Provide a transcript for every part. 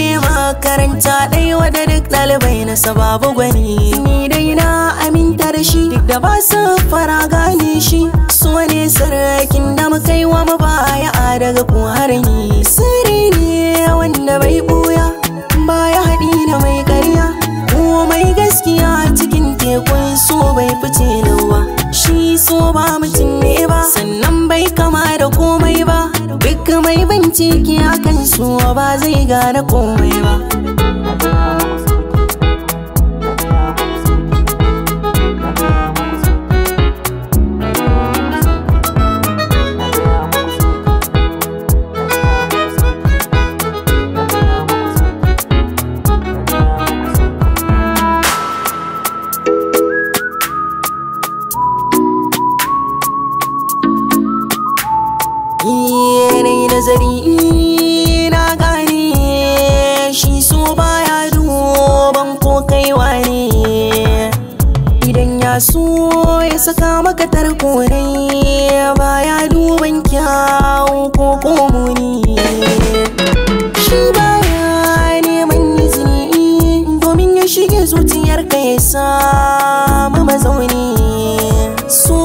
ne makaranta ɗaya wadda duk ɗalibai na sababu gwani ni dai na aminta da shi duk da ba su fara gane shi su ne sarakin da mu kai wa mabaya daga buhari sirri ne wanda bai ciki akan su ba zai gane komai ba nazari na gane shi so baya duban ko kai wane idan ya so ya saka maka tarkonai baya duban kyawu ko komuni shi baya neman izini domin ya shige zuciyarka ya samu mazauni so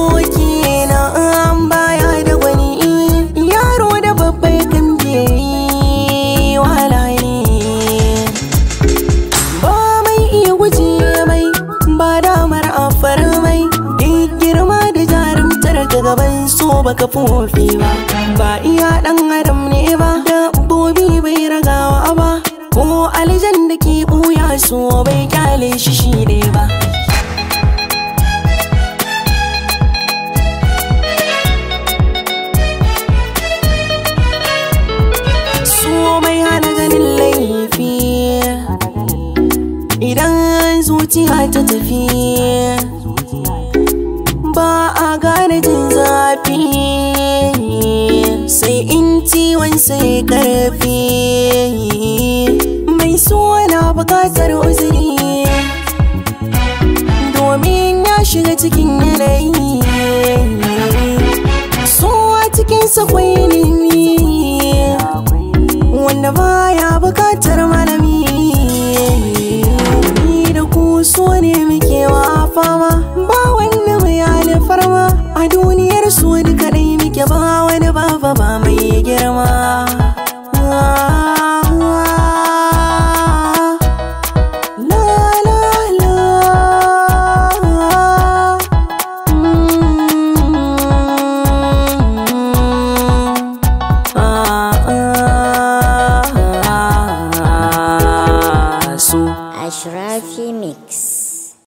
baka fofi ba ba iya dan adam ne ba dabbobi bai ragawa ba ko aljan da ke buya so bai kyale shi shi ne ba zuciya ta tafi ba ba gane jin zafi sai in ciwon sai karfi mai suna bukatar uzuri domin ya shiga cikin yanayi ke ba wani ba ba ba